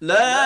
لا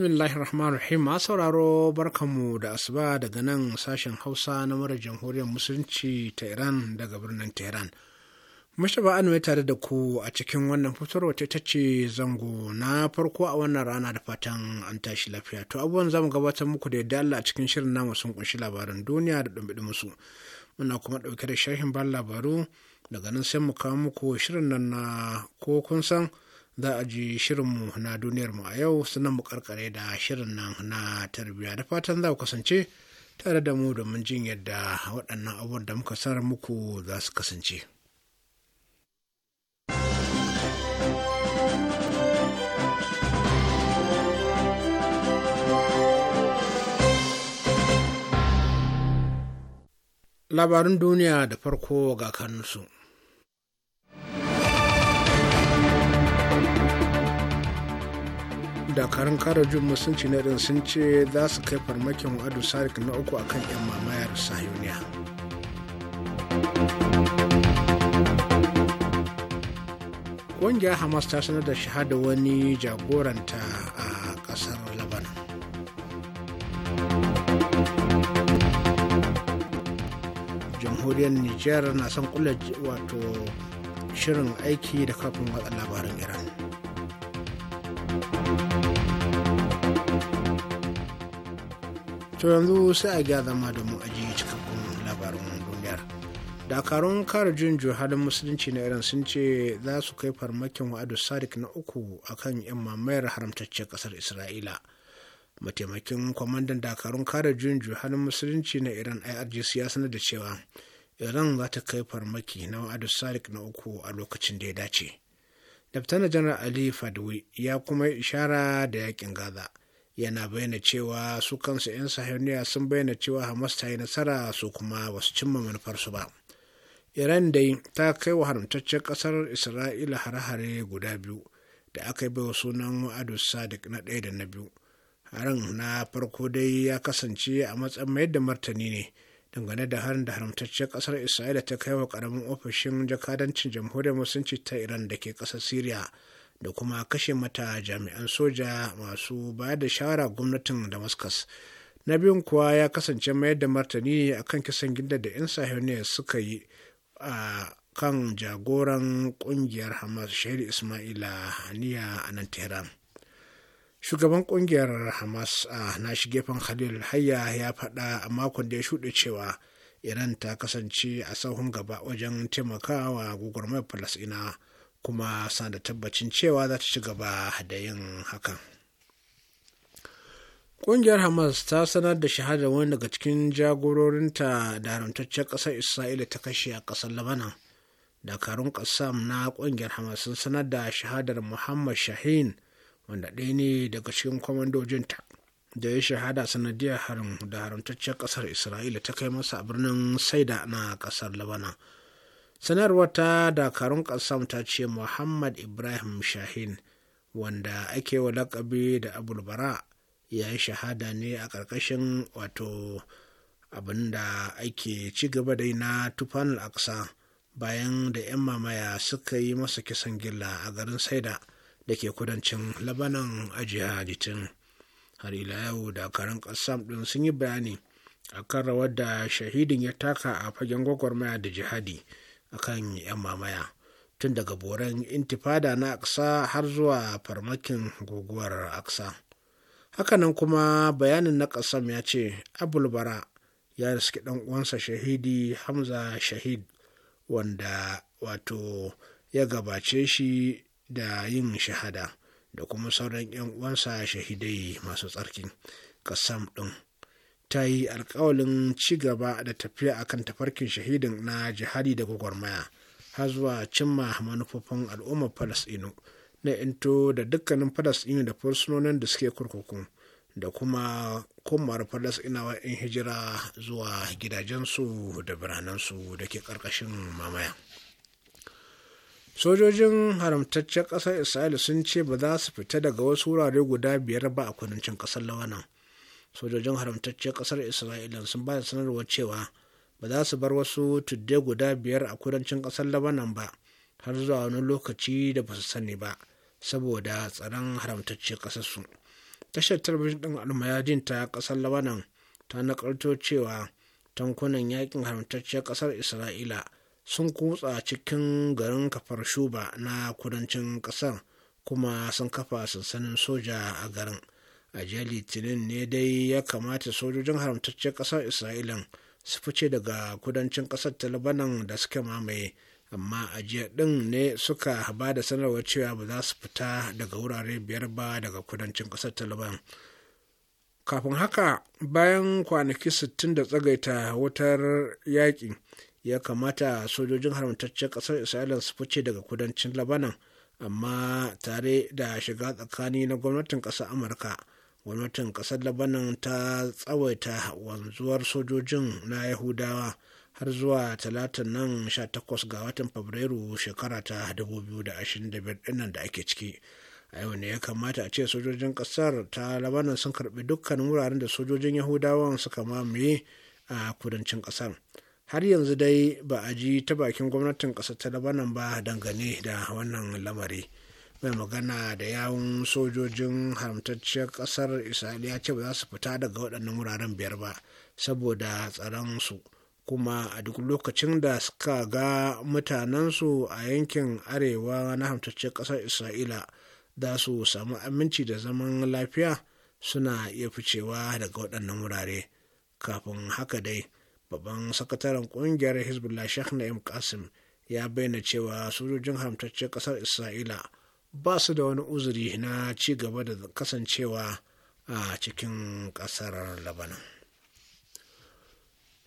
bismillahir rahmanir rahim a sauraro barkanmu da asuba daga nan sashen hausa na mara jamhuriyar musulunci ta iran daga birnin tehran mashaba an mai tare da ku a cikin wannan fitarwa ta ce zango na farko a wannan rana da fatan an tashi lafiya to abubuwan zamu gabatar muku da yadda allah a cikin shirin namu sun kunshi labaran duniya da ɗumbiɗi musu muna kuma ɗauke da shahin ban labaru daga nan sai mu kawo muku shirin nan na ko kun san za a ji shirinmu na duniyarmu a yau sunan mu karkare da shirin nan na tarbiyya da fatan za ku kasance tare da mu domin jin yadda waɗannan abubuwan da muka sanar muku za su kasance. Labarin duniya da farko ga kanunsu. dakarun kare jun musulunci na ɗin sun ce za su kai farmakin wa'adu sarik na uku a kan 'yan mamayar sahiyoniya ƙungiyar hamas ta sanar da shahada wani jagoranta a ƙasar labanan jamhuriyar niger na son kula wato shirin aiki da kafin watsa labarin iran to yanzu sai a gya zama da mu aji cikakkun labarin duniyar dakarun kare jin halin musulunci na iran sun ce za su kai farmakin wa'adu sadik na uku a kan yan mamayar haramtacce kasar isra'ila mataimakin kwamandan dakarun kare jin halin musulunci na iran irgc ya sanar da cewa iran za ta kai farmaki na wa'adu sadik na uku a lokacin da ya dace Laftana Janar Ali Fadwi ya kuma ishara da yakin Gaza yana bayyana cewa su kansu 'yan sahiyoniya sun bayyana cewa hamas ta yi nasara su kuma ba su cimma manufarsu ba iran dai ta kai wa haramtaccen kasar isra'ila hare-hare guda biyu da aka yi wa sunan wa'adu sadiq na ɗaya da na biyu harin na farko dai ya kasance a matsayin mayar da martani ne dangane da harin da haramtaccen kasar isra'ila ta kai wa karamin ofishin jakadancin jamhuriyar musulunci ta iran da ke ƙasar syria da kuma kashe mata jami'an soja masu bayar da shawara gwamnatin damascus na biyun kuwa ya kasance mayar da martani a kan kisan gida da 'yan sahiyoniya suka yi a kan jagoran kungiyar hamas shahid ismaila haniya a nan tehran shugaban kungiyar hamas a nashi gefen khalil hayya ya faɗa a makon da ya shuɗe cewa iran ta kasance a sahun gaba wajen taimakawa gwagwarmayar falasɗinawa kuma sa da tabbacin cewa za ta ci gaba da yin hakan ƙungiyar hamas ta sanar da shahadar wani daga cikin jagororinta da haramtaccen ƙasar isra'ila ta kashe a ƙasar labanan dakarun ƙasam na ƙungiyar hamas sun sanar da shahadar muhammad shahin wanda ɗaya ne daga cikin kwamandojinta da ya shahada sanadiyar harin da haramtaccen ƙasar isra'ila ta kai masa a birnin saida na ƙasar labanan sanarwar ta dakarun ƙasam ta ce muhammad ibrahim shahin wanda ake wa lakabi da abulbara ya yi shahada ne a ƙarƙashin wato abin da ake ci gaba da na tufan aksa bayan da 'yan mamaya suka yi masa kisan gilla a garin saida da ke kudancin labanan ajiya litin har ila yau dakarun ƙasam ɗin sun yi bayani akan rawar da shahidin ya taka a fagen gwagwarmaya da jihadi akan 'yan mamaya tun daga boran intifada na aksa har zuwa farmakin guguwar aksa hakanan kuma bayanin na kasam ya ce abulbara ya riski dan uwansa shahidi hamza shahid wanda wato ya gabace shi da yin shahada da kuma sauran 'yan uwansa shahidai masu tsarki kasam ɗin ta yi alkawalin ci gaba da tafiya akan tafarkin shahidin na jihadi da gwagwarmaya har zuwa cimma manufofin al'ummar falasɗinu na into da dukkanin falasɗinu da fursunonin da suke kurkuku da kuma komar falasɗinawa in hijira zuwa gidajensu da biranensu da ke ƙarƙashin mamaya sojojin haramtaccen ƙasar isra'ila sun ce ba za su fita daga wasu wurare guda biyar ba a kudancin ƙasar lawanan sojojin haramtacce ƙasar isra'ila sun ba sanarwar cewa ba za su bar wasu tudde guda biyar a kudancin ƙasar labanan ba har zuwa wani lokaci da ba su sani ba saboda tsaron kasar su. tashar talabijin ɗin almayadin ta ƙasar labanan ta nakarto cewa tankunan yakin haramtacciyar ƙasar isra'ila sun kutsa cikin garin kafar shuba na kudancin ƙasar kuma sun kafa sansanin soja a garin a jiya litinin ne dai ya kamata sojojin haramtaccen ƙasar isra'ilan su fice daga kudancin ƙasar ta labanan da suke mamaye amma a jiya ɗin ne suka ba da sanarwar cewa ba za su fita daga wurare biyar ba daga kudancin ƙasar ta labanan kafin haka bayan kwanaki 60 da tsagaita wutar yaƙi ya kamata sojojin haramtaccen ƙasar isra'ila su fice daga kudancin labanan amma tare da shiga tsakani na gwamnatin ƙasar amurka gwamnatin ƙasar labanan ta tsawaita wanzuwar sojojin na yahudawa har zuwa talatin nan 18 ga watan fabrairu shekara ta 2025 ɗinnan da ake ciki a yau ne ya kamata a ce sojojin ƙasar ta labanan sun karbi dukkan wuraren da sojojin yahudawan suka mamaye a kudancin ƙasar har yanzu dai ba a ji ta bakin gwamnatin ƙasar ta labanan ba dangane da wannan lamari. mai magana da yawun sojojin haramtacciyar kasar isra'ila ya ce ba za su fita daga waɗannan wuraren biyar ba saboda tsaronsu kuma a duk lokacin da suka ga mutanensu a yankin arewa na haramtacciyar kasar isra'ila za su samu aminci da zaman lafiya suna iya ficewa daga waɗannan wurare kafin haka dai babban sakataren ƙungiyar hezbollah sheikh na'im kasim ya bayyana cewa sojojin haramtacciyar ƙasar isra'ila ba su da wani uzuri na ci gaba da kasancewa a cikin ƙasar labanan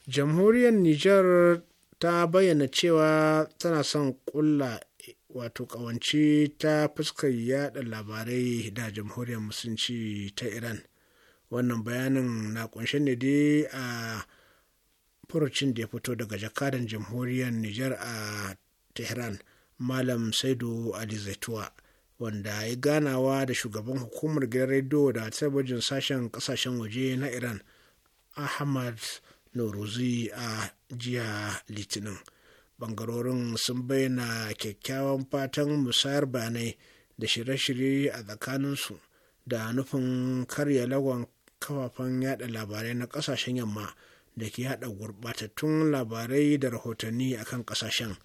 jamhuriyar niger ta bayyana cewa tana son kulla wato ƙawance ta fuskar yada labarai da jamhuriyar musulunci ta iran wannan bayanin na kunshe ne dai a furucin da ya fito daga jakadan jamhuriyar niger a tehran malam saidu ali zaituwa wanda ya ganawa da shugaban hukumar gidan rediyo da talabijin sashen kasashen waje na iran ahmad noruzi a jiya litinin bangarorin sun bayyana kyakkyawan fatan musayar bayanai da shirye-shirye a tsakaninsu da nufin karya lagon kafafen yada labarai na kasashen yamma da ke yada gurbatattun labarai da rahotanni akan kasashen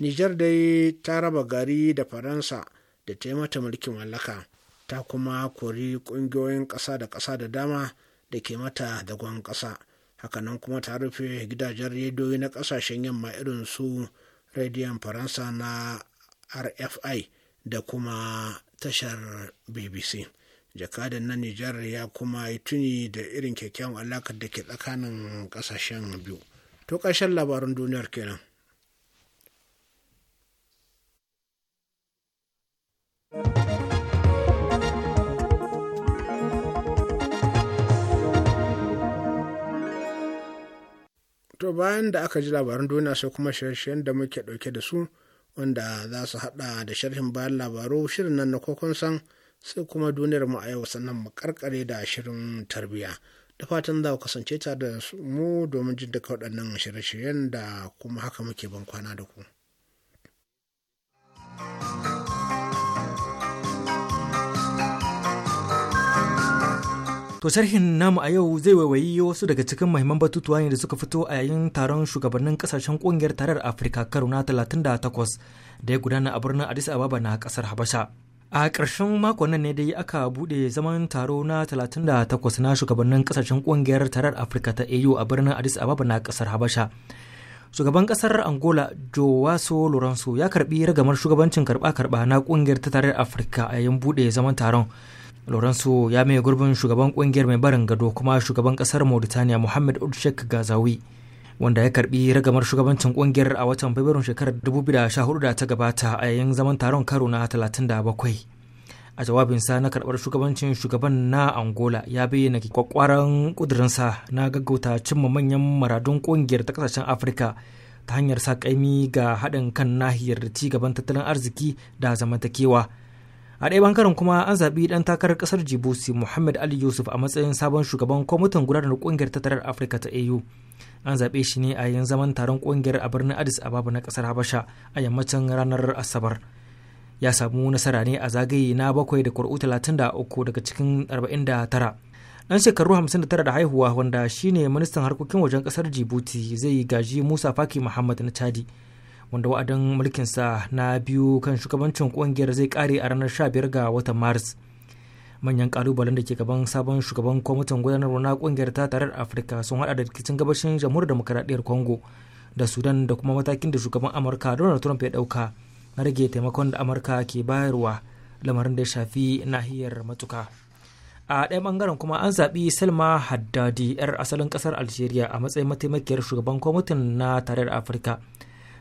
nijar dai ta raba gari da faransa da ta yi mata mulkin mallaka ta kuma kori ƙungiyoyin ƙasa da ƙasa da dama da ke mata dagon ƙasa hakanan kuma ta rufe gidajen rediyoyi na ƙasashen yamma irin su rediyon faransa na rfi da kuma tashar bbc jakadan na nijar ya kuma yi tuni da irin kyakkyawan alakar da ke tsakanin ƙasashen biyu to ƙarshen labarin duniyar kenan. to bayan da aka ji labaran duniya sai kuma shirye da muke ɗauke da su wanda za su haɗa da sharhin bayan labaru shirin nan na kokon san sai kuma duniyar mu a yau sannan mu karkare da shirin tarbiyya da fatan za ku kasance tare da mu domin jin duka waɗannan shirye-shiryen da kuma haka muke ban kwana da ku. To sharhin namu a yau zai waiwayi wasu daga cikin mahimman batutuwa ne da suka fito a yayin taron shugabannin kasashen kungiyar tarar Afirka karo na 38 da ya gudana a birnin Addis Ababa na kasar Habasha. A ƙarshen makon nan ne dai aka buɗe zaman taro na 38 na shugabannin kasashen kungiyar tarar Afirka ta AU a birnin Addis Ababa na kasar Habasha. Shugaban kasar Angola Jowaso Lorenzo ya karbi ragamar shugabancin karba-karba na kungiyar ta tarar Afirka a yayin buɗe zaman taron. lorenzo ya mai gurbin shugaban kungiyar mai barin gado kuma shugaban kasar mauritania muhammad udshek gazawi wanda ya karbi ragamar shugabancin kungiyar a watan Fabrairu shekarar 2014 da ta gabata a yayin zaman taron karo na 37 a jawabinsa na karbar shugabancin shugaban na angola ya bayyana kwakwaran kudurinsa na gaggauta cimma manyan maradun kungiyar ta kasashen afirka ta hanyar sa ga haɗin kan nahiyar ci gaban tattalin arziki da zamantakewa a ɗaya bangaren kuma an zaɓi ɗan takarar ƙasar jibuti muhammad ali yusuf a matsayin sabon shugaban kwamitin gudanar ƙungiyar tattalin afirka ta au an zaɓe shi ne a yayin zaman taron ƙungiyar a birnin addis ababa na ƙasar habasha a yammacin ranar asabar ya samu nasara ne a zagaye na bakwai da kwar'u talatin da uku daga cikin arba'in da tara ɗan shekaru hamsin da tara da haihuwa wanda shine ministan harkokin wajen ƙasar jibuti zai gaji musa faki muhammad na chadi wanda wa'adin mulkinsa na biyu kan shugabancin kungiyar zai kare a ranar 15 ga watan maris manyan kalubalen da ke gaban sabon shugaban kwamitin gudanarwa na kungiyar ta tarar afirka sun hada da rikicin gabashin jamhuriyar demokaradiyyar congo da sudan da kuma matakin da shugaban amurka donald trump ya dauka na rage taimakon da amurka ke bayarwa lamarin da ya shafi nahiyar matuka a ɗaya bangaren kuma an zaɓi salma haddadi 'yar asalin ƙasar algeria a matsayin mataimakiyar shugaban kwamitin na tarayyar afirka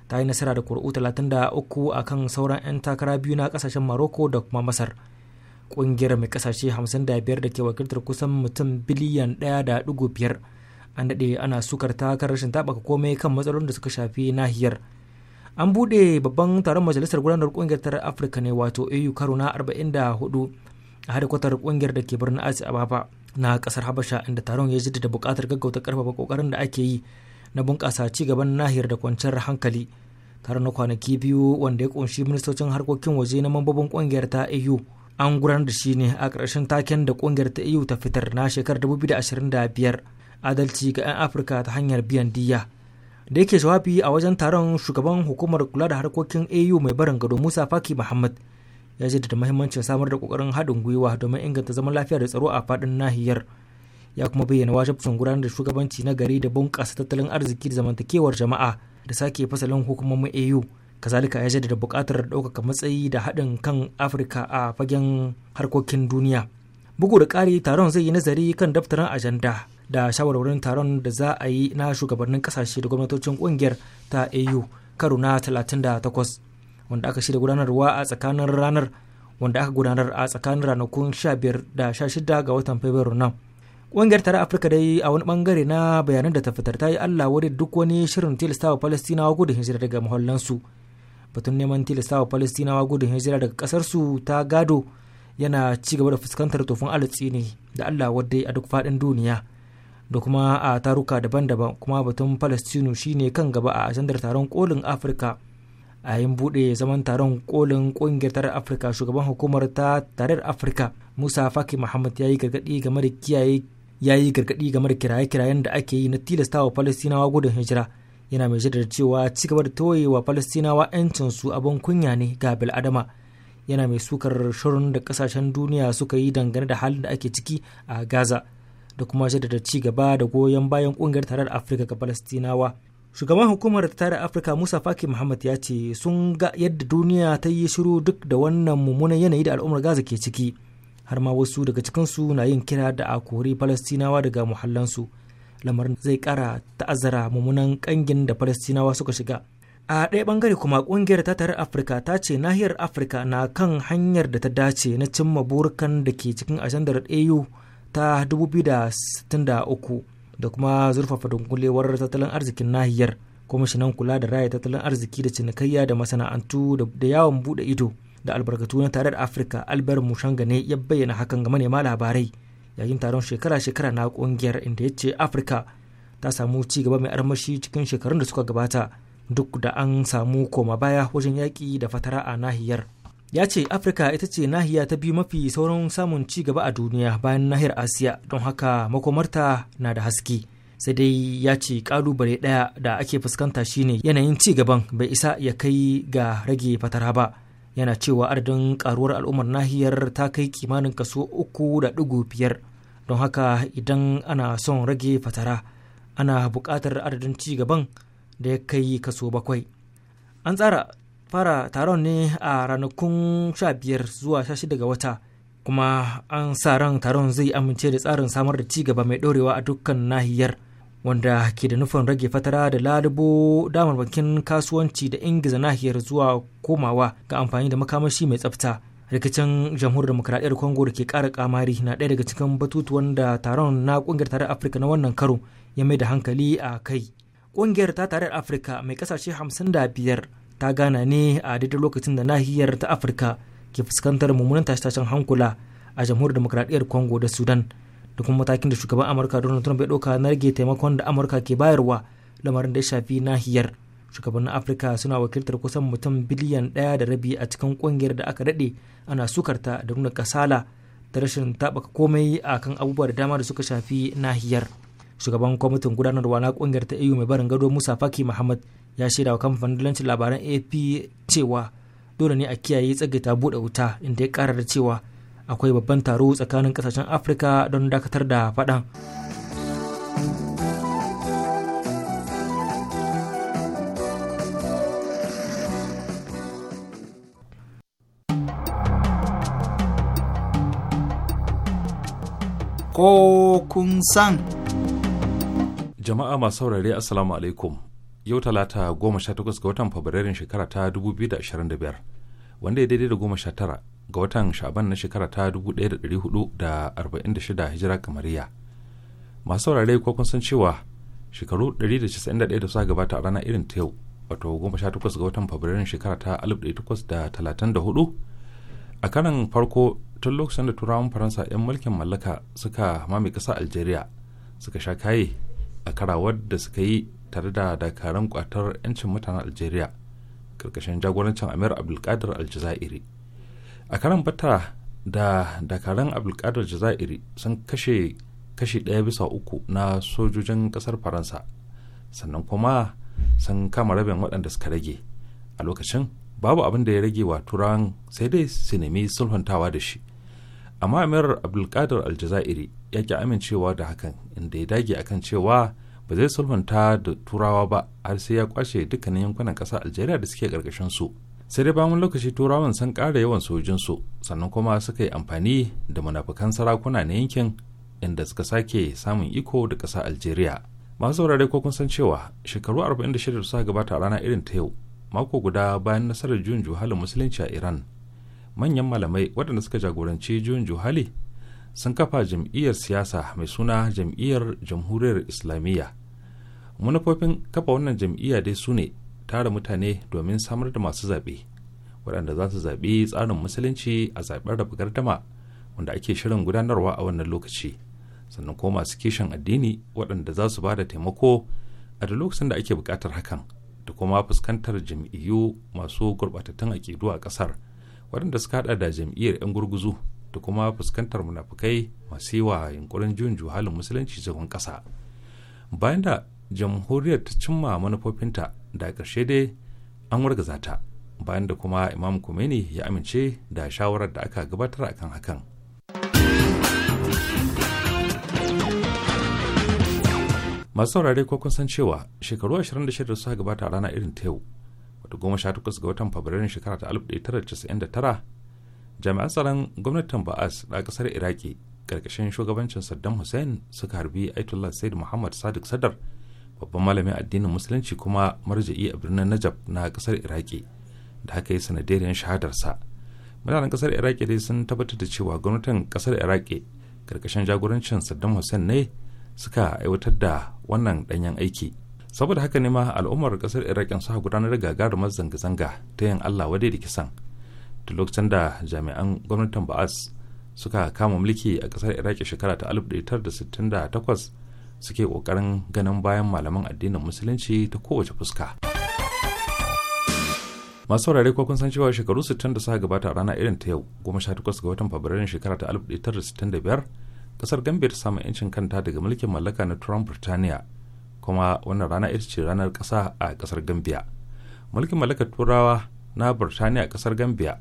ta yi nasara da kuri'u 33 a kan sauran 'yan takara biyu na kasashen Morocco da kuma Masar. Ƙungiyar mai kasashe 55 da ke wakiltar kusan mutum biliyan 1.5 an daɗe ana sukar ta kan rashin taɓaka komai kan matsalolin da suka shafi nahiyar. An buɗe babban taron majalisar gudanar ƙungiyar ta Afirka ne wato AU karo na 44 a hadikwatar ƙungiyar da ke birnin asia Ababa na ƙasar Habasha inda taron ya jaddada buƙatar gaggauta ƙarfafa ƙoƙarin da ake yi na bunƙasa ci gaban nahiyar da kwanciyar hankali tare na kwanaki biyu wanda ya kunshi ministocin harkokin waje na mambobin ƙungiyar ta EU an gudanar da shi ne a ƙarshen taken da ƙungiyar ta EU ta fitar na shekarar 2025 adalci ga 'yan Afirka ta hanyar biyan diya. Da yake jawabi a wajen taron shugaban hukumar kula da harkokin AU mai barin gado Musa Faki Muhammad ya jaddada muhimmancin samar da kokarin haɗin gwiwa domin inganta zaman lafiya da tsaro a faɗin nahiyar. ya kuma bayyana wajabcin gudanar da shugabanci na gari da bunƙasa tattalin arziki da zamantakewar jama'a da sake fasalin hukumomin au kazalika ya jaddada buƙatar ɗaukaka matsayi da haɗin kan afirka a fagen harkokin duniya bugu da ƙari taron zai yi nazari kan daftarin ajanda da shawarwarin taron da za a yi na shugabannin ƙasashe da gwamnatocin ƙungiyar ta au karo na 38 wanda aka shirya gudanarwa a tsakanin ranar wanda aka gudanar a tsakanin ranakun 15 da 16 ga watan fabrairu nan Ƙungiyar tare Afirka dai a wani bangare na bayanan da ta fitar ta yi Allah wani duk wani shirin tilastawa Falastinawa gudun hijira daga muhallansu Batun neman tilastawa Falastinawa gudun hijira daga ƙasarsu ta gado yana ci gaba da fuskantar tofin alatsi ne da Allah wadda a duk faɗin duniya. Da kuma a taruka daban-daban kuma batun Falastinu shine kan gaba a ajandar taron kolin Afirka a yin buɗe zaman taron kolin ƙungiyar tarar afirka shugaban hukumar ta tarar afirka musa faki muhammad ya yi gargaɗi game da kiyaye ya yi gargaɗi game da kiraye-kirayen da ake yi na tilastawa falastinawa gudun hijira yana mai jaddada cewa ci gaba da toyewa falastinawa yancin su abin kunya ne ga bil adama yana mai sukar shirin da kasashen duniya suka yi dangane da halin da ake ciki a gaza da kuma jaddada ci gaba da goyon bayan kungiyar tarar afirka ga falastinawa shugaban hukumar tarar afirka musa faki muhammad ya ce sun ga yadda duniya ta yi shiru duk da wannan mummunan yanayi da al'ummar gaza ke ciki har ma wasu daga cikinsu na yin kira da a kori falastinawa daga muhallansu lamarin zai kara ta'azara mummunan kangin da falastinawa suka shiga a ɗaya bangare kuma ƙungiyar tarar afirka ta ce nahiyar afirka na kan hanyar da ta dace na cimma burukan da ke cikin ajandar au ta 2063 da kuma zurfafa dunkulewar tattalin arzikin nahiyar kwamishinan kula da raya tattalin arziki da cinikayya da masana'antu da yawon buɗe ido da albarkatu na tarar afirka albert mushanga ne ya bayyana hakan ga manema labarai yayin taron shekara-shekara na kungiyar inda ya ce afirka ta samu ci gaba mai armashi cikin shekarun da suka gabata duk da an samu koma baya wajen yaƙi da fatara a nahiyar ya ce afirka ita ce nahiya ta biyu mafi sauran samun ci gaba a duniya bayan nahiyar asiya don haka makomarta na da haske sai dai ya ce kalubale ɗaya da ake fuskanta shine yanayin ci gaban bai isa ya kai ga rage fatara ba yana cewa adadin karuwar al'ummar nahiyar ta kai kimanin kaso uku da ɗigo biyar don haka idan ana son rage fatara ana buƙatar adadin ci gaban da ya kai kaso bakwai an tsara fara taron ne a ranakun sha biyar zuwa shida ga wata kuma an sa ran taron zai amince da tsarin samar da ci gaba mai ɗorewa a dukkan nahiyar wanda ke da nufin rage fatara da lalubo bankin kasuwanci da ingiza nahiyar zuwa komawa ga amfani da makamashi mai tsafta rikicin jamhuriyar demokradiyyar congo da ke kara kamari na ɗaya daga cikin batutuwan da taron na kungiyar tarar afirka na wannan karo ya mai da hankali a kai kungiyar ta da afirka mai kasashe biyar ta gana ne a daidai lokacin da nahiyar ta afirka ke fuskantar mummunan tashe-tashen hankula a jamhuriyar demokradiyyar congo da sudan da kuma matakin da shugaban amurka donald trump ya ɗauka na rage taimakon da amurka ke bayarwa lamarin da ya shafi nahiyar shugabannin afirka suna wakiltar kusan mutum biliyan ɗaya da rabi a cikin ƙungiyar da aka daɗe ana sukarta da nuna kasala da rashin taɓaka komai a kan abubuwa da dama da suka shafi nahiyar shugaban kwamitin gudanarwa na ƙungiyar ta eu mai barin gado musa faki muhammad ya shaida wa kamfanin dalancin labaran ap cewa dole ne a kiyaye tsagaita buɗe wuta inda ya ƙara da cewa akwai babban taro tsakanin kasashen afirka don dakatar da faɗan ko kun san. Jama'a masu saurare Assalamu alaikum. Yau talata goma sha takwas ga watan Fabrairun shekara ta dubu biyu biyar wanda ya daidai da goma sha tara ga watan shaban na shekara ta 1446 hijira kamariya masu saurare ko kun san cewa shekaru 191 da suka gabata a rana irin ta yau wato 18 ga watan fabrairun shekara ta 1834 a karan farko tun lokacin da turawan faransa 'yan mulkin mallaka suka mame kasa algeria suka sha kaye a karawar da suka yi tare da dakarun kwatar 'yancin mutanen algeria karkashin jagorancin amir abdulkadir aljazairi a karan bata da dakaran abdulkadir jaza'iri sun kashe kashi ɗaya bisa uku na sojojin ƙasar faransa sannan kuma sun kama rabin waɗanda suka rage a lokacin babu abin da ya rage wa turan sai dai su nemi sulhuntawa da shi amma amir abdulkadir aljazairi ya ki amincewa da hakan inda ya dage akan cewa ba zai sulhunta da turawa ba har sai ya kwashe dukkanin yankunan ƙasar algeria da suke ƙarƙashin su sai dai bayan lokaci turawan sun kara yawan sojinsu sannan kuma suka yi amfani da munafukan sarakuna na yankin inda suka sake samun iko da kasa algeria masu saurare ko kun san cewa shekaru 46 suka gabata a rana irin ta yau mako guda bayan nasarar juyin juhalin musulunci a iran manyan malamai waɗanda suka jagoranci juyin juhali sun kafa jam'iyyar siyasa mai suna jam'iyyar jamhuriyar islamiyya manufofin kafa wannan jam'iyya dai su ne tara mutane domin samar da masu zaɓe waɗanda za su zaɓi tsarin musulunci a zaɓen rabu gardama wanda ake shirin gudanarwa a wannan lokaci sannan ko masu kishin addini waɗanda za su ba da taimako a da lokacin da ake buƙatar hakan da kuma fuskantar jam'iyyu masu gurɓatattun ƙidu a ƙasar waɗanda suka haɗa da jam'iyyar 'yan gurguzu da kuma fuskantar munafukai masu yi wa yunkurin juyin juhalin musulunci cikin ƙasa bayan da jamhuriyar ta cimma manufofinta da ƙarshe dai an wargaza ta bayan da kuma imam kumeni ya amince da shawarar da aka gabatar akan hakan masu saurare ko san cewa shekaru 26 suka gabata rana irin ta yau wata goma sha takwas ga watan fabrairun shekara ta 1999 jami'an tsaron gwamnatin ba'as da kasar iraki karkashin shugabancin saddam hussein suka harbi aitullah said muhammad sadiq sadar babban malamin addinin musulunci kuma marja'i a birnin najab na kasar iraki da haka yi sanadiyar shahadarsa mutanen kasar iraki dai sun tabbatar da cewa gwamnatin kasar iraki karkashin jagorancin saddam hussein ne suka aiwatar da wannan danyen aiki saboda haka ne ma al'ummar kasar iraki suka gudanar da gagarumar zanga-zanga ta yin allah wadai da kisan da lokacin da jami'an gwamnatin ba'as suka kama mulki a kasar iraki shekara ta 1968 suke kokarin ganin bayan malaman addinin musulunci ta kowace fuska masu saurare ko kun san cewa shekaru 60 da suka gabata a rana irin ta yau 18 ga watan fabrairun shekara ta 1965 kasar gambia ta samu 'yancin kanta daga mulkin mallaka na turan birtaniya kuma wannan rana ita ce ranar kasa a kasar gambia mulkin mallakar turawa na birtaniya a ƙasar gambia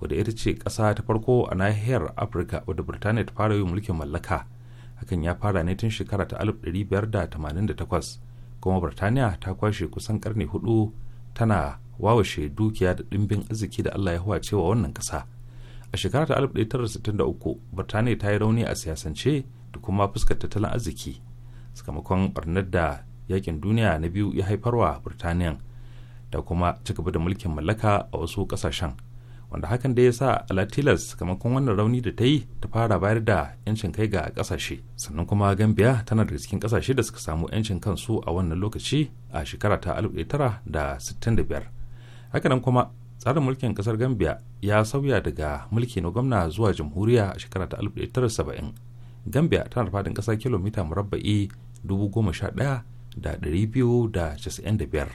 wadda ita ce ƙasa ta farko a nahiyar afirka wadda birtaniya ta fara yin mulkin mallaka hakan ya fara ne tun shekara ta 1588 kuma birtaniya ta kwashe kusan karni hudu tana wawashe dukiya da ɗimbin arziki da allah ya huwace wa wannan kasa a shekara ta 1963 birtaniya ta yi rauni a siyasance da kuma fuskar tattalin arziki sakamakon barnar da yakin duniya na biyu ya haifarwa birtaniya da kuma ci gaba da mulkin mallaka a wasu ƙasashen wanda hakan da ya sa alatilas sakamakon wannan rauni da ta yi ta fara bayar da yancin kai ga kasashe sannan kuma gambia tana daga cikin kasashe da suka samu yancin kansu a wannan lokaci a shekara ta 1965 hakanan kuma tsarin mulkin kasar gambia ya sauya daga mulki na gwamna zuwa jamhuriya a shekara ta 1970 gambia tana da faɗin kasa kilomita murabba'i da 11,295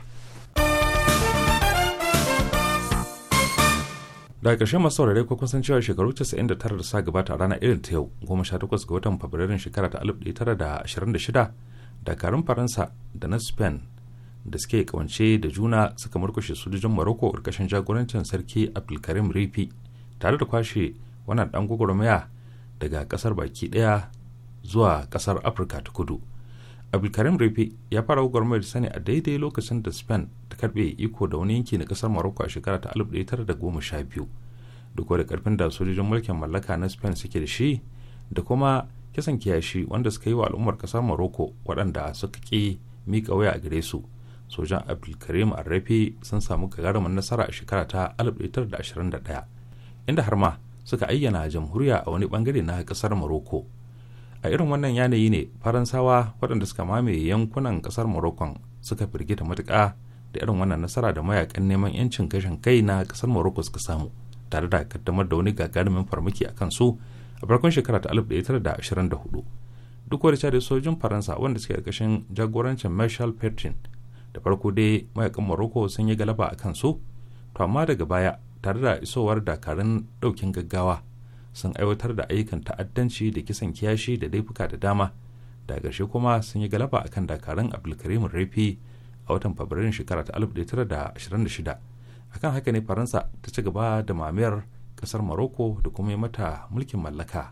da ƙarshen masu saurare ko kun cewa shekaru 99 da sa gabata a ranar irin ta yau 18 ga watan fabrairun shekara ta 1926 dakarun faransa da na spain da suke kawance da juna suka murkushe sojojin morocco ƙarƙashin jagorancin sarki abdulkarim rifi tare da kwashe wannan ɗan gwagwarmaya daga kasar baki ɗaya zuwa ƙasar afirka ta kudu abdulkarim rifi ya fara gwagwarmaya da sani a daidai lokacin da spain karbe iko da wani yanki na kasar morocco a shekara ta 1912 duk da karfin da sojojin mulkin mallaka na spain suke da shi da kuma kisan kiyashi wanda suka yi wa al'ummar kasar morocco waɗanda suka ƙi mika waya a gare su sojan abdulkarim arrafi sun samu gagarumin nasara a shekara ta 1921 inda har ma suka ayyana jamhuriya a wani bangare na kasar morocco a irin wannan yanayi ne faransawa waɗanda suka mamaye yankunan kasar morocco suka firgita matuƙa da irin wannan nasara da mayakan neman yancin gashin kai na kasar morocco suka samu tare da kaddamar da wani gagarumin farmaki a kansu a farkon shekara ta 1924 duk wani da sojin faransa wanda suke ƙarƙashin jagorancin marshal petrin da farko dai mayakan morocco sun yi galaba a kansu to amma daga baya tare da isowar dakarun ɗaukin gaggawa sun aiwatar da ayyukan ta'addanci da kisan kiyashi da laifuka da dama da shi kuma sun yi galaba akan dakarun abdulkarim rafi a watan fabrairun shekara ta 1926 akan haka ne faransa ta ci gaba da mamayar kasar maroko da kuma mata mulkin mallaka.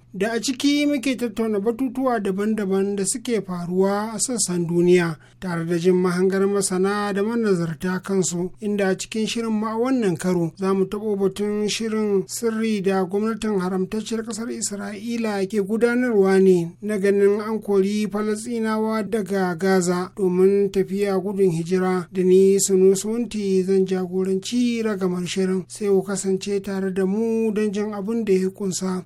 da a ciki muke tattauna batutuwa daban-daban da suke faruwa a sassan duniya tare da jin mahangar masana da manazarta kansu inda a cikin shirin ma wannan karo za mu taɓo batun shirin sirri da gwamnatin haramtacciyar ƙasar isra'ila ke gudanarwa ne na ganin an kori falasinawa daga gaza domin tafiya gudun hijira da ni wunti zan jagoranci ragamar shirin sai ku kasance tare da mu don jin abin da ya kunsa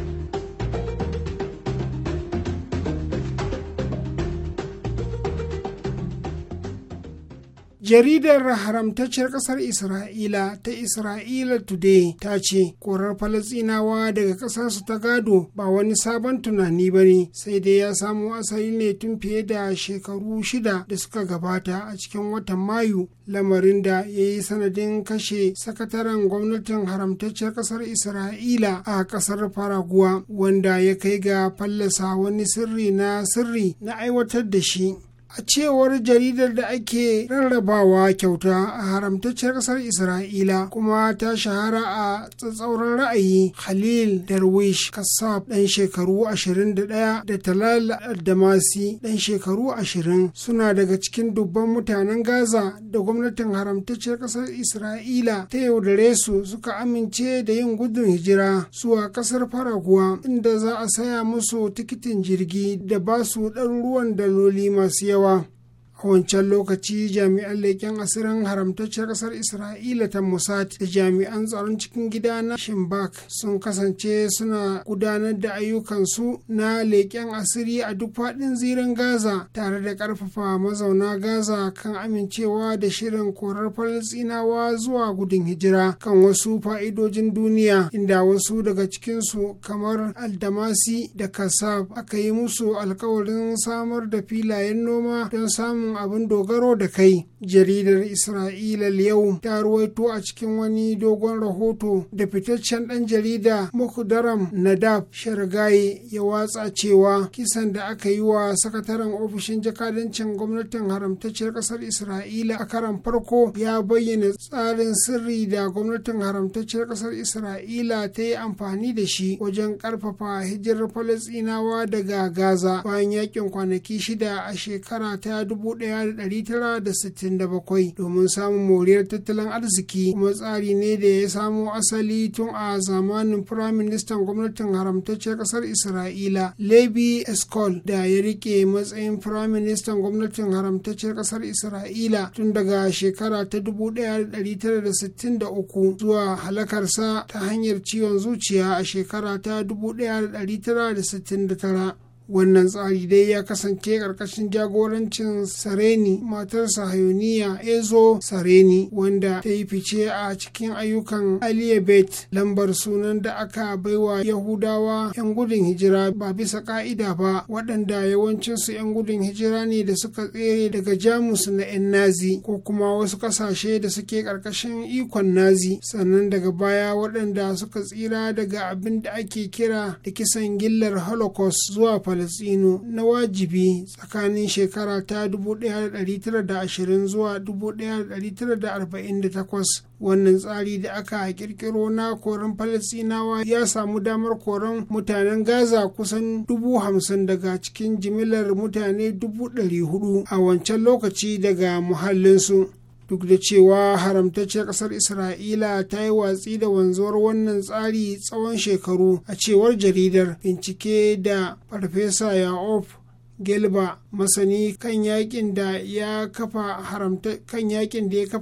jaridar haramtacciyar kasar isra'ila ta isra'ila today ta ce korar falasinawa daga kasarsu ta gado ba wani sabon tunani ba ne sai dai ya samo asali ne tun fiye da shekaru shida da suka gabata a cikin watan mayu lamarin da ya yi sanadin kashe sakataren gwamnatin haramtacciyar kasar isra'ila a kasar faraguwa wanda ya kai ga fallasa wani sirri na sirri na aiwatar da shi a cewar jaridar da ake rarrabawa kyauta a haramtacciyar ƙasar isra'ila kuma ta shahara a tsatsauran ra'ayi khalil darwish Kasab, ɗan shekaru 21 da talal damasi ɗan shekaru 20 suna daga cikin dubban mutanen gaza da gwamnatin haramtacciyar ƙasar isra'ila ta yaudare su suka amince da yin gudun hijira zuwa ƙasar faraguwa inda za a saya musu tikitin jirgi da ba su ɗaruruwan daloli masu yawa cewa a wancan lokaci jami'an leƙen asirin haramtacciyar ƙasar isra'ila ta mossad da jami'an tsaron cikin gida na shimbak sun kasance suna gudanar da ayyukansu na leƙen asiri a duk faɗin zirin gaza tare da ƙarfafa mazauna gaza kan amincewa da shirin korar falasinawa zuwa gudun hijira kan wasu fa'idojin duniya inda wasu daga cikinsu kamar aldamasi da kasab aka yi musu alkawarin samar da filayen noma don samun abin dogaro da kai jaridar isra'ila yau ta ruwaito a cikin wani dogon rahoto da fitaccen ɗan jarida makudaram nadab shargaye ya watsa cewa kisan da aka yi wa sakataren ofishin jakadancin gwamnatin haramtacciyar ƙasar isra'ila a karan farko ya bayyana tsarin sirri da gwamnatin haramtacciyar ƙasar isra'ila ta yi amfani da shi wajen ƙarfafa hijirar falasɗinawa daga gaza bayan yakin kwanaki shida a shekara ta dubu 1967 domin samun moriyar tattalin arziki kuma tsari ne da ya samo asali tun a zamanin firaministan gwamnatin haramtacciyar kasar isra'ila levi eskol da ya rike matsayin firaministan gwamnatin haramtacciyar kasar isra'ila tun daga shekara ta 1963 zuwa halakarsa ta hanyar ciwon zuciya a shekara ta 1969 wannan tsari dai ya kasance ƙarƙashin jagorancin sareni matar hayoniya ezo sareni wanda ta yi fice a cikin ayyukan aliyabet lambar sunan da aka baiwa yahudawa 'yan gudun hijira ba bisa ka'ida ba waɗanda yawancinsu 'yan gudun hijira ne da suka tsere daga jamus na 'yan nazi ko kuma wasu ƙasashe da suke ƙarƙashin ikon nazi sannan daga baya waɗanda suka tsira daga abin da ake kira da kisan gillar holocaust zuwa Falasɗinu na wajibi tsakanin shekara ta 1920 zuwa 1948 wannan tsari da aka kirkiro na koren falasinawa ya samu damar koren mutanen gaza kusan dubu hamsin daga cikin jimillar mutane dubu a wancan lokaci daga muhallinsu duk da cewa haramtacciyar ƙasar isra'ila ta yi watsi da wanzuwar wannan tsari tsawon shekaru a cewar jaridar bincike da farfesa yaof gelba masani kan yakin da ya kafa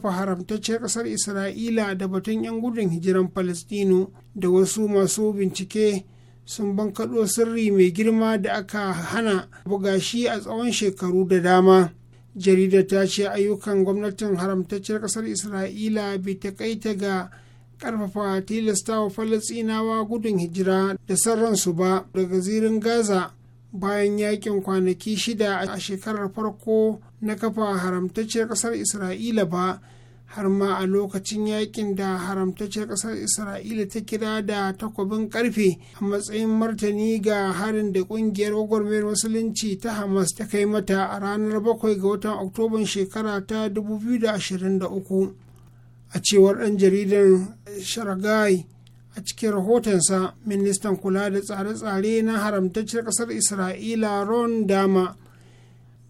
haramta ƙasar isra'ila da batun 'yan gudun hijiran palestino da wasu masu bincike sun bankaɗo sirri mai girma da aka hana buga shi a tsawon shekaru da dama jaridar ta ce ayyukan gwamnatin haramtacciyar kasar isra'ila bai ta ga ƙarfafa wa falasinawa gudun hijira da sarransu ba daga zirin gaza bayan yakin kwanaki shida a shekarar farko na kafa haramtacciyar kasar isra'ila ba har ma a lokacin yakin da haramtacciyar ƙasar isra'ila ta kira da takobin karfe a matsayin martani ga harin da ƙungiyar gwagwarmayar musulunci ta hamas ta kai mata a ranar 7 ga watan oktoban shekara ta 2023 a cewar ɗan jaridar sharagai a cikin rahotonsa ministan kula da tsare-tsare na haramtacciyar ƙasar isra'ila ron dama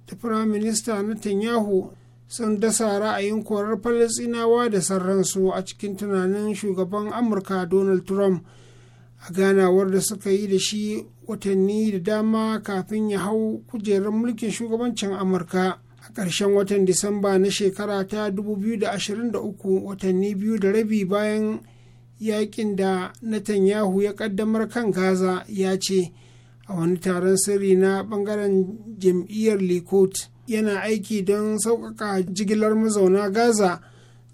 da firaminista netanyahu sun dasa ra'ayin korar falasinawa da sarransu a cikin tunanin shugaban amurka donald trump a ganawar da suka yi da shi watanni da dama kafin ya hau kujerar mulkin shugabancin amurka a ƙarshen watan disamba na shekara ta 2023 watanni biyu da rabi bayan yakin da netanyahu ya ƙaddamar kan gaza ya ce a wani taron sirri na bangaren jam'iyyar likud yana aiki don sauƙaƙa jigilar mazauna gaza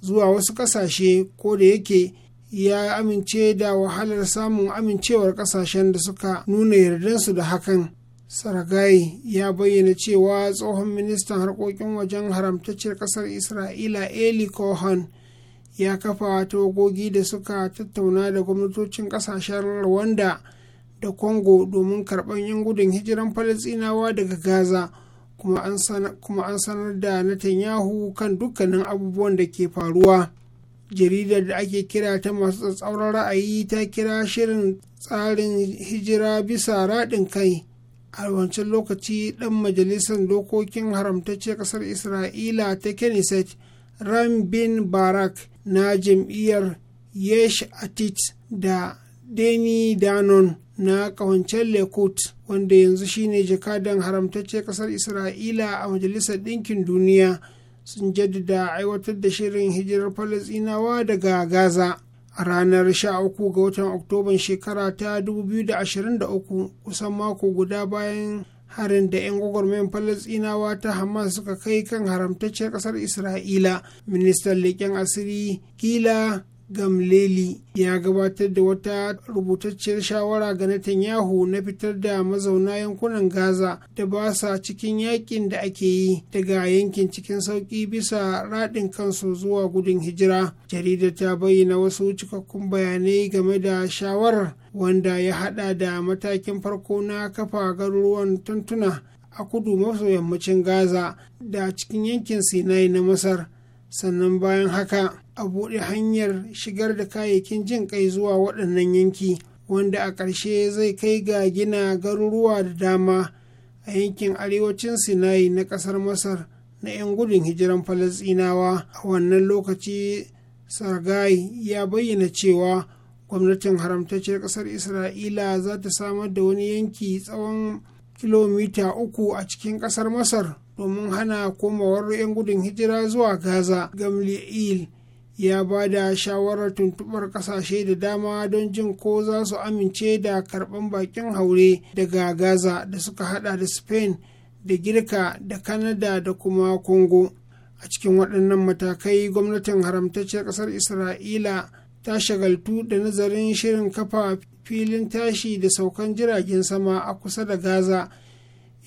zuwa wasu ƙasashe ko da yake ya amince da wahalar samun amincewar ƙasashen da suka nuna yardansu da hakan saragai ya bayyana cewa tsohon ministan harkokin wajen haramtacciyar ƙasar isra'ila eli cohen ya kafa tawagogi da suka tattauna da gwamnatocin ƙasashen rwanda da congo domin karɓar 'yan gudun hijiran falasinawa daga gaza kuma an sanar da netanyahu kan dukkanin abubuwan da ke faruwa jaridar da ake kira ta masu tsatsauran ra'ayi ta kira shirin tsarin hijira bisa raɗin kai a wancan lokaci ɗan majalisar dokokin haramtacce ƙasar isra'ila ta kenneset ram bin barak na jam'iyyar yesh atit da deni danon na kawancen lekut wanda yanzu shine jakadan haramtacce kasar isra'ila a majalisar ɗinkin duniya sun jaddada aiwatar da shirin hijirar falasinawa daga gaza a ranar 13 ga watan oktoban shekara ta 2023 kusan mako guda bayan harin da 'yan gwagwarmayan falasinawa ta hamas suka kai kan haramtacciyar kasar isra'ila ministan leƙen asiri kila Gamleli ya gabatar da wata rubutacciyar shawara ga Netanyahu na fitar da mazauna yankunan Gaza da ba sa cikin yakin da ake yi daga yankin cikin sauƙi bisa raɗin kansu zuwa gudun hijira. Jaridar ta bayyana wasu cikakkun bayanai game da shawarar wanda ya haɗa da matakin farko na kafa garuruwan tuntuna a kudu maso yammacin Gaza da cikin yankin Sinai na Masar. Sannan bayan haka a buɗe hanyar shigar da kayayyakin jin kai zuwa waɗannan yanki wanda a ƙarshe zai kai ga gina garuruwa da dama a yankin arewacin sinai na ƙasar masar na 'yan gudun hijiran Falasinawa. a wannan lokaci sargai ya bayyana cewa gwamnatin haramtacciyar ƙasar isra'ila za ta samar da wani yanki tsawon kilomita uku a cikin ƙasar masar domin hana komawar 'yan gudun hijira zuwa gaza gamli'il ya ba da shawarar tuntubar kasashe da dama don jin ko za su amince da karban bakin haure daga gaza da suka hada da spain da girka da Kanada da kuma congo a cikin waɗannan matakai gwamnatin haramtacciyar ƙasar isra'ila ta shagaltu da nazarin shirin kafa filin tashi da saukan jiragen sama a kusa da gaza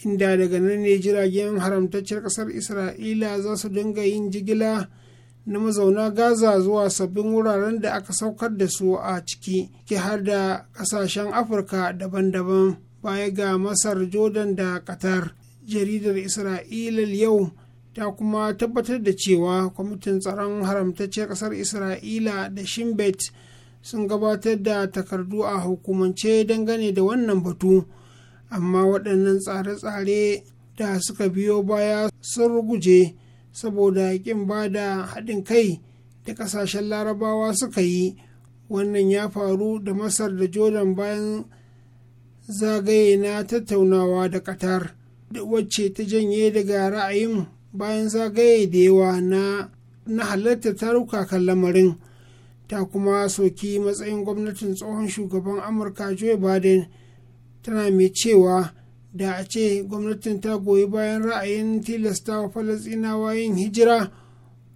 inda daga nan ne jiragen haramtacciyar ƙasar isra'ila za su dinga yin jigila na mazauna gaza zuwa sabbin wuraren da aka saukar da su a ciki ke har da kasashen afirka daban-daban baya ga masar jordan da qatar jaridar isra'ila yau ta kuma tabbatar da cewa kwamitin tsaron haramtacciyar kasar isra'ila da shimbet sun gabatar da takardu a hukumance dangane da wannan batu amma waɗannan tsare-tsare da suka biyo baya sun ruguje. saboda ƙin ba da haɗin kai da ƙasashen larabawa suka yi wannan ya faru da masar da jordan bayan zagaye na tattaunawa da qatar wacce ta janye daga ra'ayin bayan zagaye da yawa na na halarta taruka kan lamarin ta kuma soki matsayin gwamnatin tsohon shugaban amurka joe biden tana mai cewa da a ce gwamnatin ta goyi bayan ra'ayin tilasta wa falasinawa yin hijira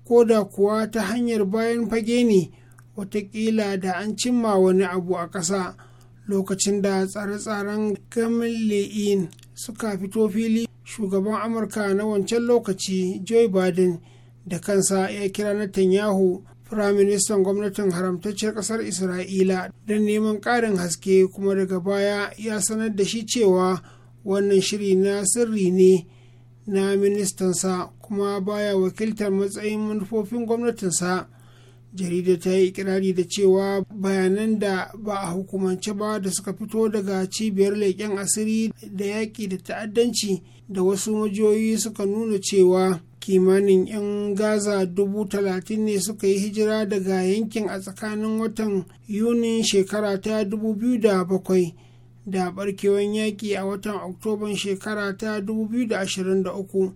ko da kuwa ta hanyar bayan fage ne watakila da an cimma wani abu a ƙasa lokacin da tsare-tsaren gamin suka fito fili shugaban amurka na wancan lokaci joe biden da kansa ya kira netanyahu firaministan gwamnatin haramtacciyar ƙasar isra'ila don neman ƙarin haske kuma daga baya ya sanar da shi cewa wannan shiri na sirri ne na ministansa kuma baya wakiltar matsayin manufofin gwamnatinsa jarida ta yi ikirari da cewa bayanan da ba a hukumance ba da suka fito daga cibiyar leƙen asiri da yaƙi da ta'addanci da wasu majiyoyi suka nuna cewa kimanin 'yan gaza dubu talatin ne suka yi hijira daga yankin a tsakanin watan yunin shekara ta 2007 da barkewan yaƙi a watan oktoban shekara ta 2023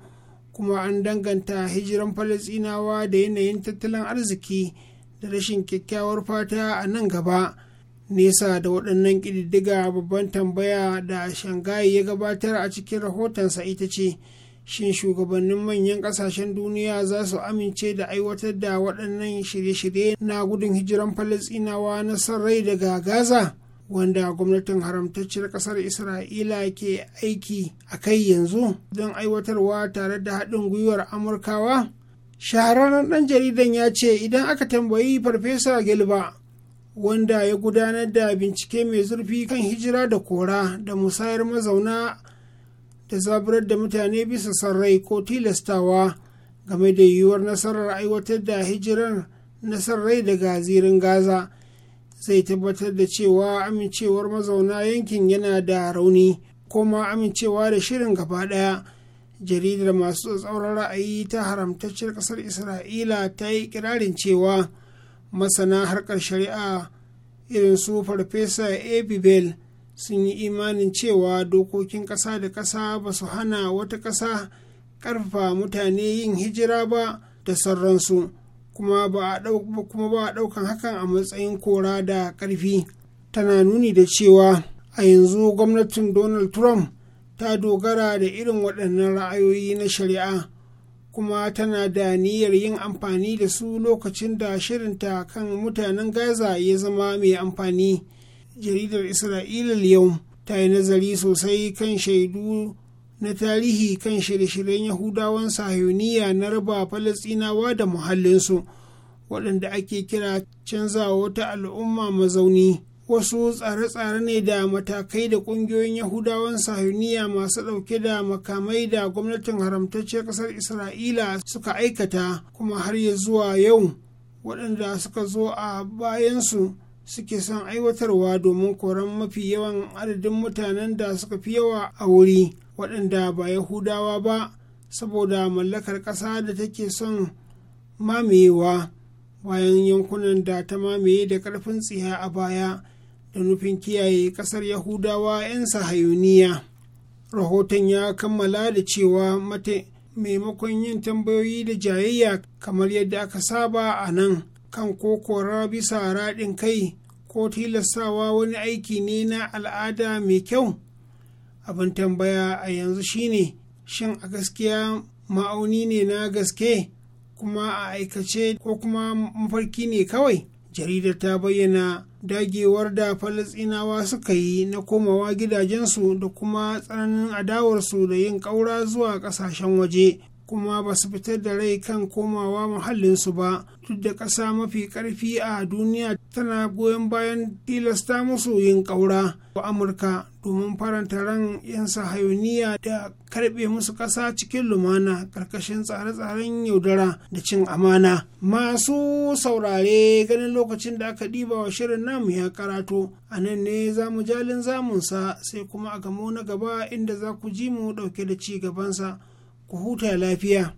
kuma an danganta hijiran falasinawa da yanayin tattalin arziki da rashin kyakkyawar fata a nan gaba nesa da waɗannan ƙididdiga babban tambaya da shanghai ya gabatar a cikin rahotonsa ita ce shin shugabannin manyan ƙasashen duniya za su amince da aiwatar da waɗannan shirye-shirye na gudun hijiran falasinawa na son rai daga gaza wanda gwamnatin haramtacciyar kasar isra'ila ke aiki a kai yanzu don aiwatarwa tare da haɗin gwiwar amurkawa shahararren ɗan jaridan ya ce idan aka tambayi farfesa gilba wanda ya gudanar da bincike mai zurfi kan hijira da kora da musayar mazauna da zaburar da mutane bisa sarrai ko tilastawa game da yiwuwar nasarar aiwatar da hijirar nasarar daga zirin gaza zai tabbatar da cewa amincewar mazauna yankin yana da rauni kuma amincewa da shirin gaba ɗaya jaridar masu tsauran ra'ayi ta haramtacciyar ƙasar isra'ila ta yi kirarin cewa masana harkar shari'a irin su farfesa abibel sun yi imanin cewa dokokin kasa da kasa ba su hana wata ƙasa ƙarfafa mutane yin hijira ba da sauransu. kuma ba a ɗaukan hakan a matsayin kora da ƙarfi tana nuni da cewa a yanzu gwamnatin donald trump ta dogara da irin waɗannan ra'ayoyi na shari'a kuma tana da niyyar yin amfani da su lokacin da shirinta kan mutanen gaza ya zama mai amfani jaridar isra'ila yau ta yi nazari sosai kan shaidu na tarihi kan shirye-shiryen yahudawan sahiyoniya na raba falastinawa da muhallinsu waɗanda ake kira canzawa wata al'umma mazauni wasu tsare-tsare ne da matakai da ƙungiyoyin yahudawan sahiyoniya masu ɗauke da makamai da gwamnatin haramtacciyar ƙasar isra'ila suka aikata kuma har ya zuwa yau waɗanda suka zo a bayansu suke son aiwatarwa domin koran mafi yawan adadin mutanen da suka fi yawa a wuri waɗanda ba yahudawa ba saboda mallakar ƙasa da take son mamayewa bayan yankunan da ta mamaye da ƙarfin tsiya a baya da nufin kiyaye ƙasar yahudawa 'yan sahayuniya rahoton ya kammala da cewa mate maimakon yin tambayoyi da jayayya kamar yadda aka saba a nan kan ko kora bisa raɗin kai ko tilastawa wani aiki ne na al'ada mai kyau abin tambaya a yanzu shine shin a gaskiya ma'auni ne na gaske kuma a aikace ko kuma mafarki ne kawai jaridar ta bayyana dagewar da falasinawa suka yi na komawa gidajensu da kuma tsananin adawarsu da yin ƙaura zuwa ƙasashen waje kuma ba su fitar da rai kan komawa muhallinsu ba duk da ƙasa mafi ƙarfi a duniya tana goyon bayan tilasta musu yin ƙaura ko amurka domin faranta ran 'yan sahayoniya da karbe musu ƙasa cikin lumana ƙarƙashin tsare-tsaren yaudara da cin amana masu saurare ganin lokacin da aka ɗiba wa shirin namu ya karato a nan ne za mu jalin zamunsa sai kuma a gamo na gaba inda za ku ji mu ɗauke da ci gabansa ku huta lafiya.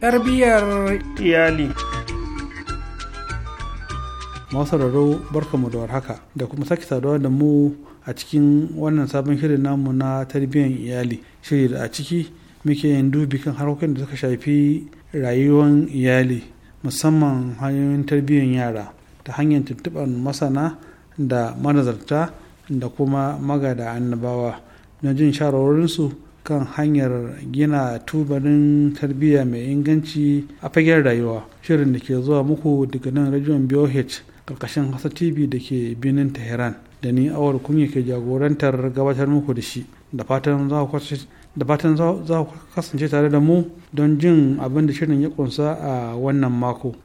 tarbiyyar iyali masararo barkamu da warhaka da kuma sake saduwa da mu a cikin wannan sabon shirin namu na tarbiyyar iyali shiri da a ciki muke yin dubi kan harkokin da suka shafi rayuwar iyali musamman hanyoyin tarbiyyar yara ta hanyar tuntuɓar masana da manazarta da kuma magada annabawa na jin shawarwarinsu kan hanyar gina tubalin tarbiyya mai inganci a fagen rayuwa shirin da ke zuwa muku daga nan rajon BOH karkashin hasa tv da ke binin tehran da ni awar kunya ke jagorantar gabatar muku da shi da fatan za ku kasance tare da mu don jin abin da shirin ya kunsa a wannan mako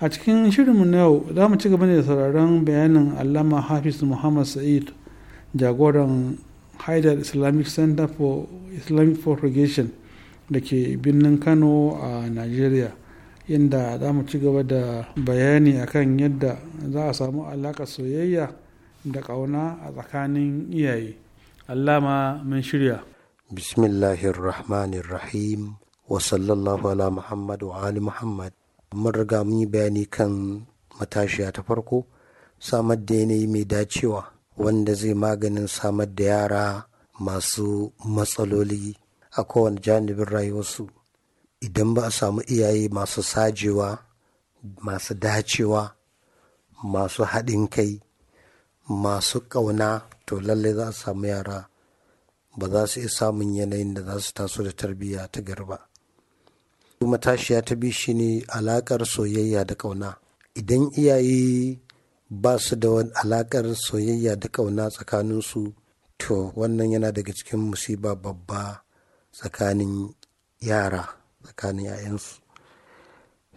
a cikin shirinmu na yau za mu ci gaba da sauraron bayanin allama hafiz muhammad sa'id jagoran haidar islamic center for islamic propagation da ke birnin kano a nigeria inda za mu ci gaba da bayani akan yadda za a samu alaƙa soyayya da ƙauna a tsakanin iyaye allama mun shirya bismillahirrahmanirrahim wa ala muhammad wa ali muhammad mun riga mun yi bayani kan matashiya ta farko samar da yanayi mai dacewa wanda zai maganin samar da yara masu matsaloli a kowane janibin rayuwarsu idan ba a samu iyaye masu sajewa masu dacewa masu haɗin kai masu ƙauna to lallai za a samu yara ba za su iya samun yanayin da za su taso da tarbiyya ta garba matashiya ta bi shi ne alakar soyayya da ƙauna idan iyaye ba su da alakar soyayya da ƙauna tsakaninsu to wannan yana daga cikin musiba babba tsakanin yara tsakanin 'ya'yansu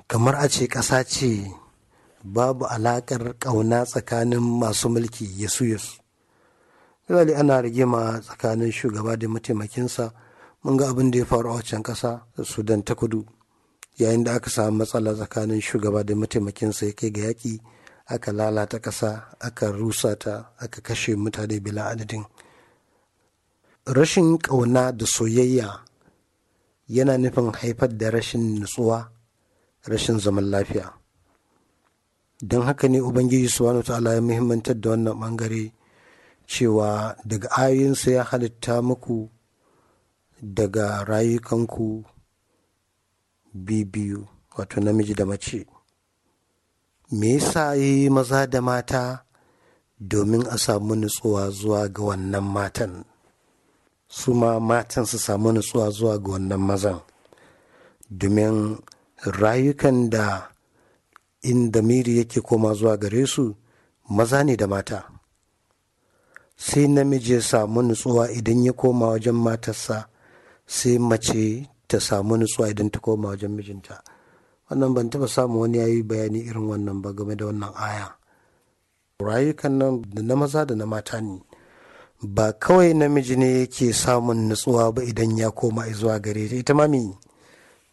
kamar a ce ƙasa ce babu alaƙar ƙauna tsakanin masu mulki yesu yasu ana rigima tsakanin shugaba da mataimakinsa mun ga abin da ya faru a waccan ƙasa sudan ta kudu yayin da aka samu matsala tsakanin shugaba da mataimakinsa ya kai ga yaƙi aka lalata ƙasa aka rusa ta aka kashe mutane bila adadin rashin ƙauna da soyayya yana nufin haifar da rashin nutsuwa rashin zaman lafiya don haka ne ubangiji subhanahu ta'ala ya muhimmantar da wannan bangare cewa daga ayoyinsa ya halitta muku daga rayukanku bibiyu wato namiji da mace me yasa yi maza da mata domin a samu nutsuwa zuwa ga wannan matan su ma matan su samu nutsuwa zuwa ga wannan mazan domin rayukan da inda miri yake koma zuwa gare su maza ne da mata sai namiji ya samu nutsuwa idan ya koma wajen matarsa sai mace ta samu nutsuwa idan ta koma wajen mijinta wannan ban taba samu wani yayi bayani irin wannan ba game da wannan aya rayukan nan da na maza da na mata ne ba kawai namiji ne yake samun nutsuwa ba idan ya koma zuwa gare ta ita mami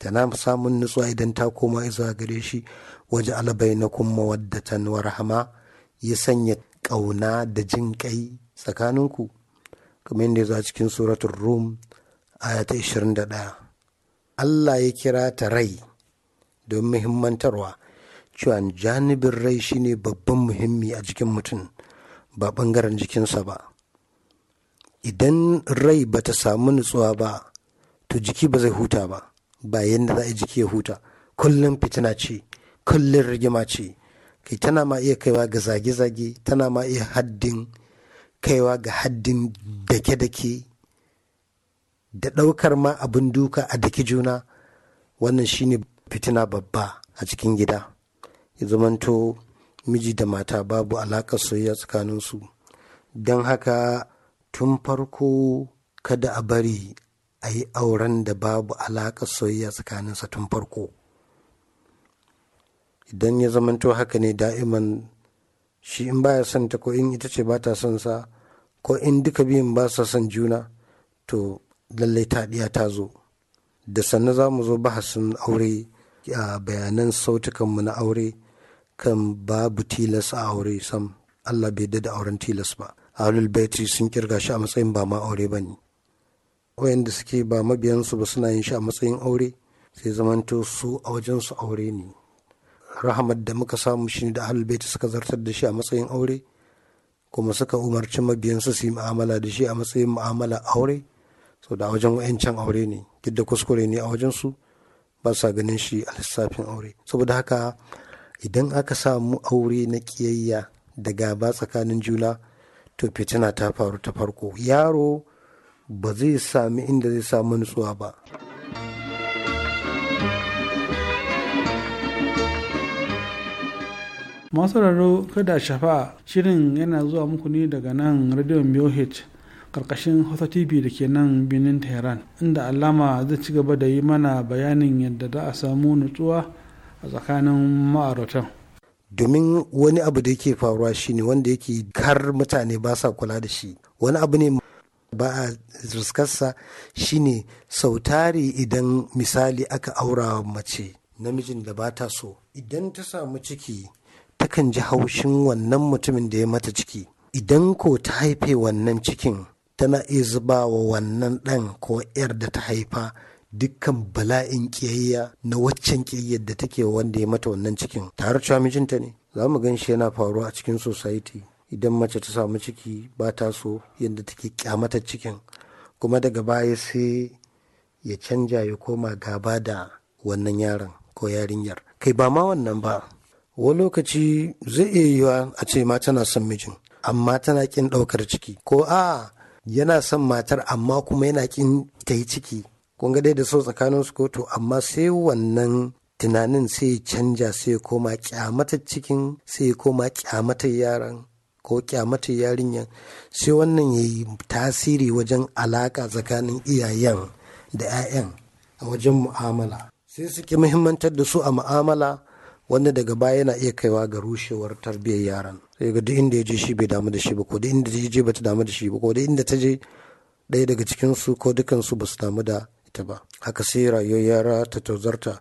tana samun nutsuwa idan ta koma zuwa gare shi waje alabai na kuma waddatan warhama ya sanya ƙauna da jin kai tsakaninku kamar yadda ya zo cikin suratun rum ayata ta 21 Allah ya kira ta rai don muhimmantarwa cewa janibin rai shine babban muhimmi a jikin mutum ba ɓangaren jikinsa ba idan rai ba ta samu nutsuwa ba to jiki ba zai huta ba ba yadda za a jiki ya huta kullum fitina ce kullum rigima ce kai tana ma iya kaiwa ga zage-zage tana ma iya haddin kaiwa ga haddin dake-dake da ɗaukar ma abin duka a daki juna wannan shine fitina babba a cikin gida ya zamanto miji da mata babu alaƙar soyayya tsakaninsu don haka tun farko kada a bari a yi auren da babu alaƙar soyayya tsakaninsa tun farko idan ya zamanto haka ne da'iman shi in baya son ta ko in ita ce ba ta son sa ko in duka biyun ba sa son juna to lallai ta ɗiya ta zo da sannan za mu zo bahasin aure a bayanan sautukanmu na aure kan babu tilas a aure sam Allah bai da auren tilas ba ahlul baiti sun kirga shi a matsayin ba ma aure ba ne wayanda suke ba mabiyansu ba suna yin shi a matsayin aure sai zamanto su a wajensu aure ne rahamar da muka samu shi da ahlul baiti suka zartar da shi a matsayin aure kuma suka umarci mabiyansu su yi mu'amala da shi a matsayin mu'amala aure so da wajen wayancan aure ne duk da kuskure ne a wajen su ba sa ganin shi a lissafin aure saboda haka idan aka samu aure na kiyayya da gaba tsakanin juna to fitina ta faru ta farko yaro ba zai sami inda zai samu nutsuwa ba masu raro kada shafa shirin yana zuwa muku ne daga nan radio BOH karkashin hausa tv da ke nan birnin tehran inda alama zai ci gaba da yi mana bayanin yadda za a samu nutsuwa a tsakanin ma'auratan domin wani abu da yake faruwa shine wanda yake kar mutane ba sa kula da shi wani abu ne ba a riskarsa shine sautari idan misali aka aura mace namijin da ba ta so idan ta samu ciki takan ji haushin wannan mutumin da ya mata ciki idan ko ta haife wannan cikin tana iya zuba wa wannan ɗan ko 'yar da ta haifa dukkan bala'in ƙiyayya na waccan ƙiyayyar da take wanda ya mata wannan cikin tare cewa mijinta ne za mu gan shi yana faruwa a cikin society idan mace ta samu ciki ba ta so yadda take kyamatar cikin kuma daga baya sai ya canja ya koma gaba da wannan yaron ko yarinyar kai ba ma wannan ba wani lokaci zai iya yiwa a ce ma tana son mijin amma tana ƙin ɗaukar ciki ko A'a. yana son matar amma kuma yana kin ta yi ciki kun ga dai da so tsakanin su kotu amma sai wannan tunanin sai canja sai ya koma kyamata cikin sai ya koma kyamata yaran ko kyamata yarinyar sai wannan ya yi tasiri wajen alaka tsakanin iyayen da 'ya'yan a wajen mu'amala sai suke muhimmantar da su a mu'amala wanda daga baya yana iya kaiwa ga rushewar tarbiyyar yaran sai ga duk inda ya je shi bai damu da shi ba ko duk inda ya je bata damu da shi ba ko duk inda ta je ɗaya daga cikin su ko dukan su basu damu da ita ba haka sai rayuwar yara ta tozarta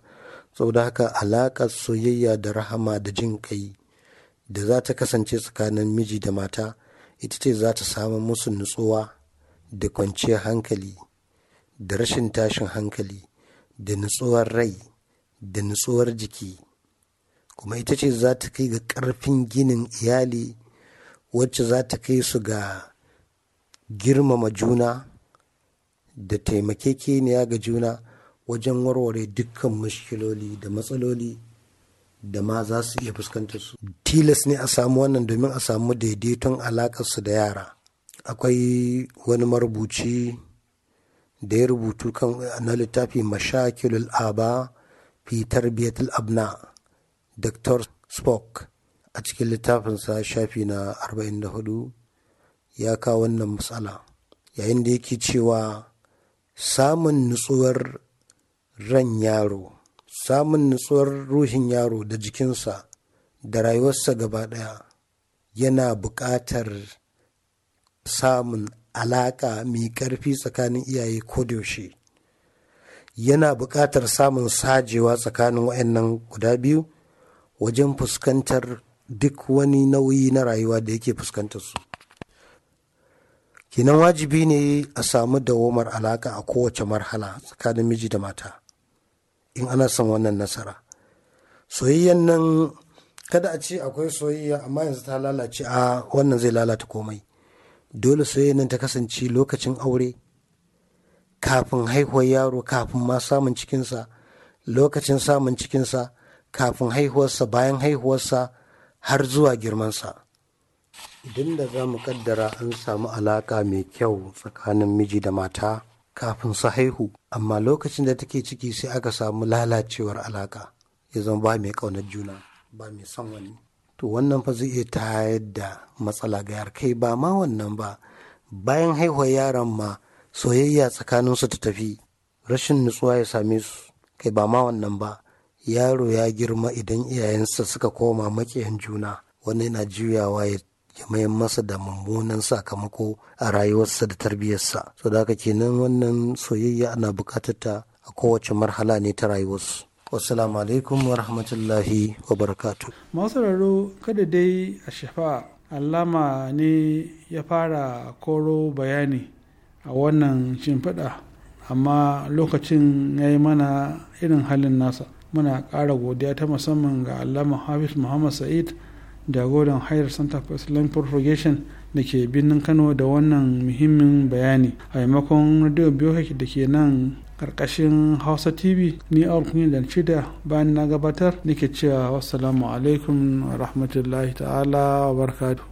saboda haka alaƙar soyayya da rahama da jin kai da za ta kasance tsakanin miji da mata ita ce za ta samu musu nutsuwa da kwanciyar hankali da rashin tashin hankali da nutsuwar rai da nutsuwar jiki kuma ita ce za ta kai ga ƙarfin ginin iyali wacce za ta kai su ga girmama juna da taimakekeniya ga juna wajen warware dukkan mashkiloli da matsaloli da ma za su iya fuskantar su tilas ne a samu wannan domin a samu daidaiton alakarsu da yara akwai wani marubuci da ya rubutu kan na littafi mashakilul aba fi tarbiyatul abna Dr. Spock a cikin littafinsa shafi na 44 ya kawo wannan matsala yayin da yake cewa samun nutsuwar ran yaro samun nutsuwar ruhin yaro da jikinsa da rayuwarsa gaba ɗaya yana buƙatar samun alaƙa mai ƙarfi tsakanin iyaye ko yaushe yana buƙatar samun sajewa tsakanin waɗannan guda biyu wajen fuskantar duk wani nauyi na rayuwa da yake fuskantar su kinan wajibi ne a samu dawamar alaka a kowace marhala tsakanin miji da mata in ana son wannan nasara soyayyan nan kada a ce akwai soyayya amma yanzu ta lalace a wannan zai lalata komai dole soyayyan nan ta kasance lokacin aure kafin haihuwar yaro kafin ma samun cikinsa lokacin samun cikinsa kafin haihuwarsa bayan haihuwarsa har zuwa girmansa idan da za mu kaddara an samu alaka mai kyau tsakanin miji da mata kafin su haihu amma lokacin da take ciki sai aka samu lalacewar alaka ya zama ba mai ƙaunar juna ba mai son wani to wannan fa zai iya tayar da matsala ga yar kai ba ma wannan ba bayan haihuwar yaron ma soyayya tsakaninsu ta tafi rashin nutsuwa ya same su kai ba ma wannan ba yaro ya girma idan iyayensa suka koma makiyan juna wani na juyawa ya mayan masa da mummunan sakamako a rayuwarsa da tarbiyyarsa so da haka kenan wannan soyayya ana bukatar ta a kowace marhala ne ta rayuwarsu wasalamu alaikum wa rahmatullahi wa barakatu masu kada dai a shafa alama ne ya fara koro bayani a wannan shimfiɗa amma lokacin ya yi mana irin halin nasa muna ƙara godiya ta musamman ga allama hafiz muhammad sa'id jagoran hayar center for islamic propagation da ke birnin kano da wannan muhimmin bayani a maimakon radio biyohaki da ke nan karkashin hausa tv ni a rukuni da shida bayan na gabatar nake cewa wasu alaikum rahmatullahi ta'ala wa barkatu.